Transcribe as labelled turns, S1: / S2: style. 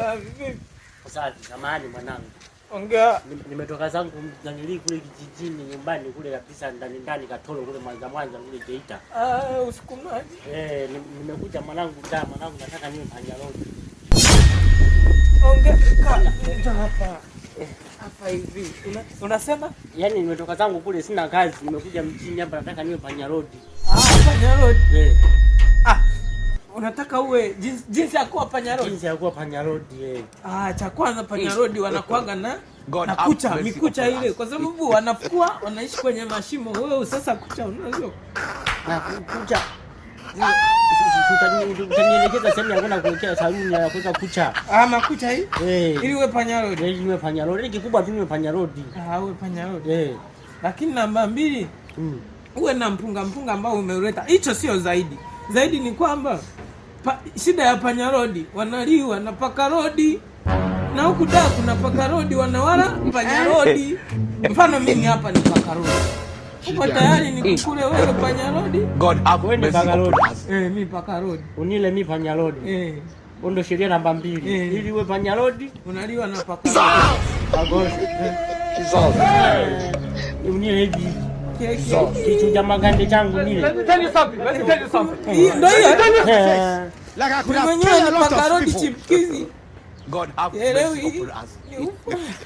S1: Ah,
S2: Safi, samahani mwanangu. Ongea. Nimetoka zangu mzanilii kule kijijini nyumbani kule kabisa ndani ndani Katoro kule Mwanza Mwanza kule Geita.
S1: Ah, usiku usukumaji.
S2: Eh, nimekuja mwanangu da mwanangu nataka niwe panyaloni.
S1: Ongea kaka. Ndio Hapa. Hapa hivi. Unasema?
S2: Yaani nimetoka zangu kule sina kazi, nimekuja mjini hapa nataka niwe panyaloni.
S1: Ah, panya Eh unataka uwe jinsi, ya kuwa panya road,
S2: jinsi ya kuwa panya road eh.
S1: Ah, cha kwanza panya road wanakuanga na God na kucha mikucha ile, kwa sababu wanakuwa wanaishi kwenye mashimo. Wewe sasa kucha unazo
S2: na kucha utanielekeza sehemu ya kwenda kuwekea saluni ya kuweka kucha
S1: ama ah, makucha hii eh, ili uwe panyarodi,
S2: ili uwe panyarodi kikubwa tu uwe panyarodi.
S1: Ah, uwe panyarodi eh, lakini namba mbili mm, uwe na mpunga mpunga ambao umeuleta. Hicho sio zaidi zaidi ni kwamba pa, shida ya panya rodi wanaliwa na paka rodi na huku da kuna paka rodi wanawala panya eh. rodi. Mfano mimi hapa ni paka rodi, uko tayari nikukule wewe panya rodi?
S2: God akuende ah, paka rodi
S1: eh, mimi paka rodi
S2: unile mimi panya rodi eh, ndo sheria namba mbili eh. Ili uwe panya rodi
S1: unaliwa na paka rodi. Eh.
S3: Eh.
S2: Unile hivi So, kichu cha magande changu ni.
S4: hiyo.
S1: Eh. Like
S3: I could have